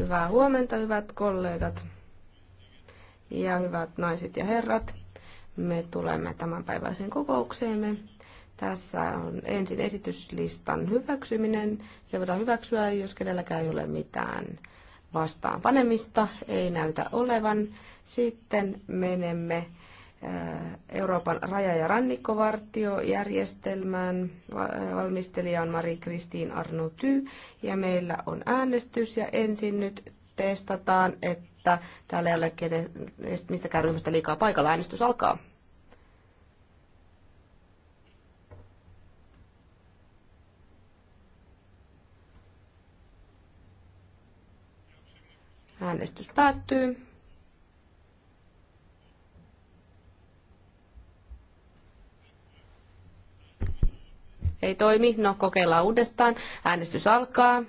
Hyvää huomenta, hyvät kollegat ja hyvät naiset ja herrat. Me tulemme päiväisen kokoukseemme. Tässä on ensin esityslistan hyväksyminen. Se voidaan hyväksyä, jos kenelläkään ei ole mitään vastaan panemista. Ei näytä olevan. Sitten menemme Euroopan raja- ja rannikkovartiojärjestelmään. Valmistelija on Marie-Christine Arnauty ja meillä on äänestys ja ensin nyt testataan, että täällä ei ole kenen, mistäkään ryhmästä liikaa paikalla. Äänestys alkaa. Äänestys päättyy. Ei toimi. No, kokeillaan uudestaan. Äänestys alkaa.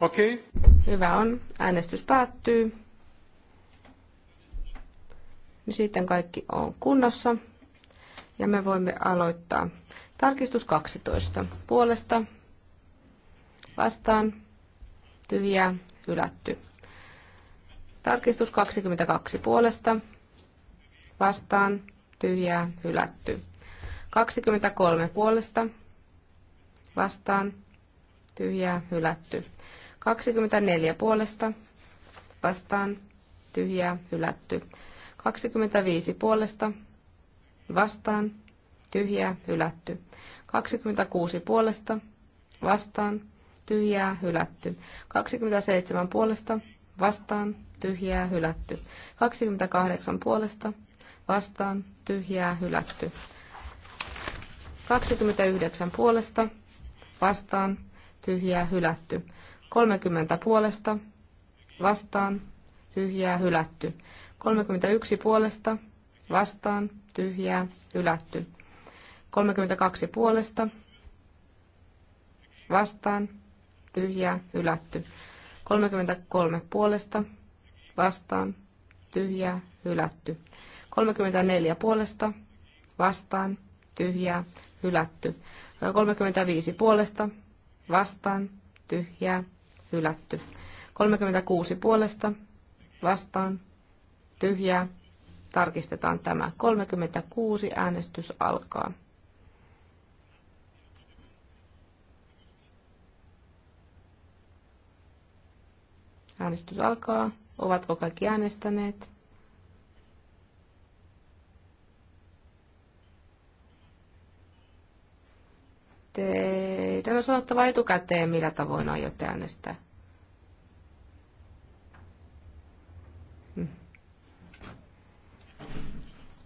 Okei. Okay. Hyvä on. Äänestys päättyy. Niin sitten kaikki on kunnossa ja me voimme aloittaa. Tarkistus 12. Puolesta vastaan tyhjää hylätty. Tarkistus 22. Puolesta vastaan tyhjää hylätty. 23. Puolesta vastaan tyhjää hylätty. 24. Puolesta vastaan tyhjää hylätty. 25. Puolesta vastaan, tyhjää, hylätty. 25 puolesta vastaan, tyhjää, hylätty. 26 puolesta, vastaan, tyhjää, hylätty. 27 puolesta, vastaan, tyhjää, hylätty. 28 puolesta, vastaan, tyhjää, hylätty. 29 puolesta, vastaan, tyhjää, hylätty. 30 puolesta, vastaan, tyhjää, hylätty. 31 puolesta, vastaan, tyhjää, hylätty. 32 puolesta, vastaan, tyhjää, hylätty. 33 puolesta, vastaan, tyhjää, hylätty. 34 puolesta, vastaan, tyhjää, hylätty. 35 puolesta, vastaan, tyhjää, hylätty. 36 puolesta, vastaan, tyhjää, tarkistetaan tämä. 36 äänestys alkaa. Äänestys alkaa. Ovatko kaikki äänestäneet? Teidän on sanottava etukäteen, millä tavoin aiotte äänestää.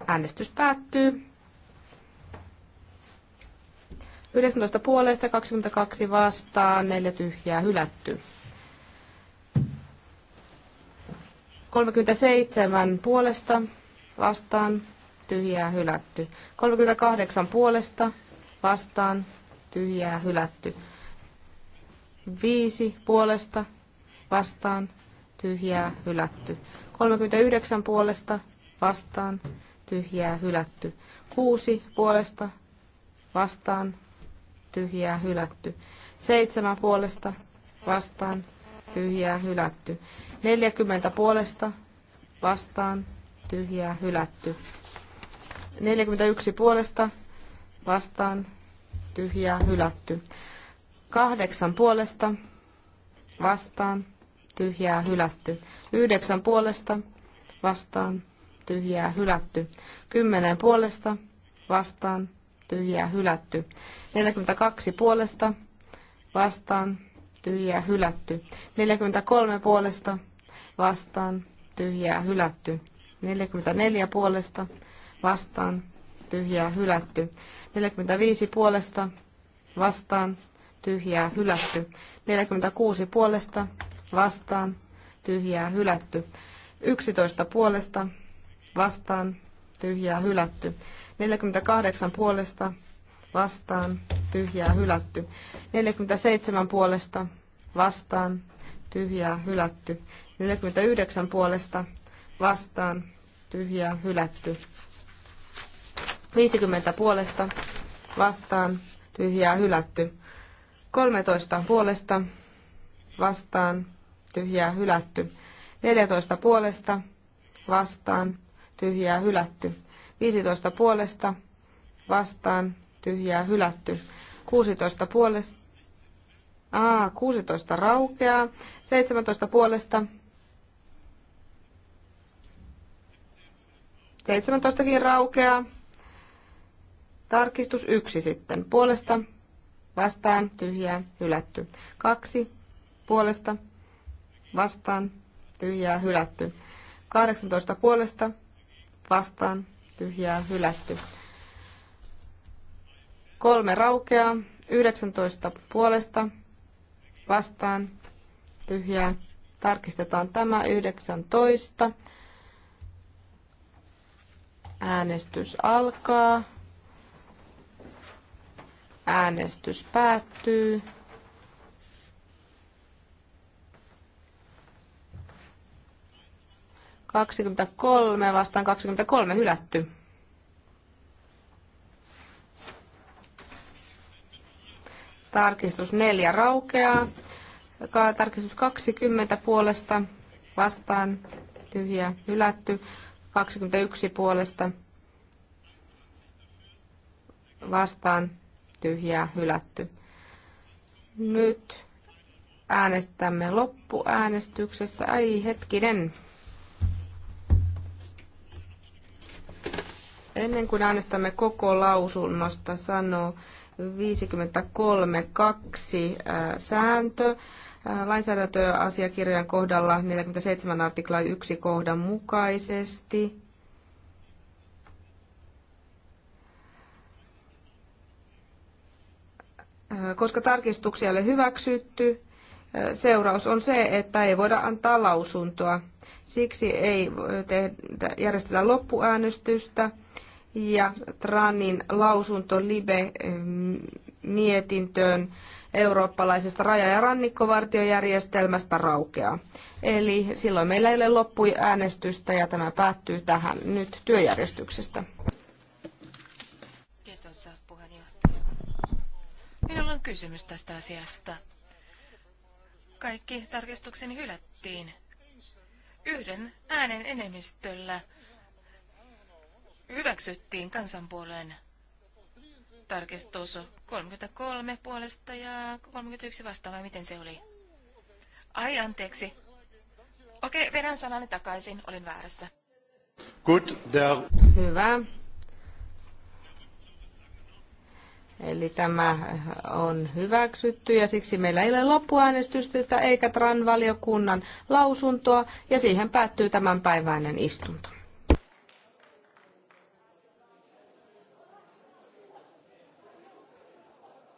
Äänestys päättyy. 19 puolesta, 22 vastaan, 4 tyhjää hylätty. 37 puolesta, vastaan, tyhjää hylätty. 38 puolesta, vastaan, tyhjää hylätty. 5 puolesta, vastaan, tyhjää hylätty. 39 puolesta, vastaan, tyhjää hylätty. Kuusi puolesta vastaan tyhjää hylätty. Seitsemän puolesta vastaan tyhjää hylätty. Neljäkymmentä puolesta vastaan tyhjää hylätty. yksi puolesta vastaan tyhjää hylätty. Kahdeksan puolesta vastaan tyhjää hylätty. Yhdeksän puolesta vastaan tyhjää hylätty. 10 puolesta vastaan tyhjää hylätty. 42 puolesta vastaan tyhjää hylätty. 43 puolesta vastaan tyhjää hylätty. 44 puolesta vastaan tyhjää hylätty. 45 puolesta vastaan tyhjää hylätty. 46 puolesta vastaan tyhjää hylätty. 11 puolesta vastaan, tyhjää hylätty. 48 puolesta vastaan, tyhjää hylätty. 47 puolesta vastaan, tyhjää hylätty. 49 puolesta vastaan, tyhjää hylätty. 50 puolesta vastaan, tyhjää hylätty. 13 puolesta vastaan, tyhjää hylätty. 14 puolesta vastaan, tyhjää hylätty. 15 puolesta vastaan tyhjää hylätty. 16 puolesta Aa, 16 raukeaa. 17 puolesta 17kin raukeaa. Tarkistus yksi sitten. Puolesta, vastaan, tyhjää, hylätty. Kaksi, puolesta, vastaan, tyhjää, hylätty. 18 puolesta, vastaan tyhjää hylätty. Kolme raukeaa, 19 puolesta vastaan tyhjää. Tarkistetaan tämä 19. Äänestys alkaa. Äänestys päättyy. 23 vastaan 23 hylätty. Tarkistus 4 raukeaa. Tarkistus 20 puolesta vastaan tyhjä hylätty. 21 puolesta vastaan tyhjä hylätty. Nyt äänestämme loppuäänestyksessä. Ai hetkinen. Ennen kuin äänestämme koko lausunnosta, sanoo 53.2 sääntö. Lainsäädäntöasiakirjojen kohdalla 47 artikla 1 kohdan mukaisesti. Koska tarkistuksia ei ole hyväksytty, seuraus on se, että ei voida antaa lausuntoa. Siksi ei tehdä, järjestetä loppuäänestystä ja Tranin lausunto Libe-mietintöön eurooppalaisesta raja- ja rannikkovartiojärjestelmästä raukeaa. Eli silloin meillä ei ole loppuäänestystä ja tämä päättyy tähän nyt työjärjestyksestä. Kiitos puheenjohtaja. Minulla on kysymys tästä asiasta. Kaikki tarkistukseni hylättiin. Yhden äänen enemmistöllä hyväksyttiin kansanpuolueen tarkistus 33 puolesta ja 31 vastaan, vai miten se oli? Ai anteeksi. Okei, vedän sanani takaisin, olin väärässä. Good there. Hyvä. Eli tämä on hyväksytty ja siksi meillä ei ole loppuäänestystä eikä TRAN-valiokunnan lausuntoa ja siihen päättyy tämänpäiväinen istunto.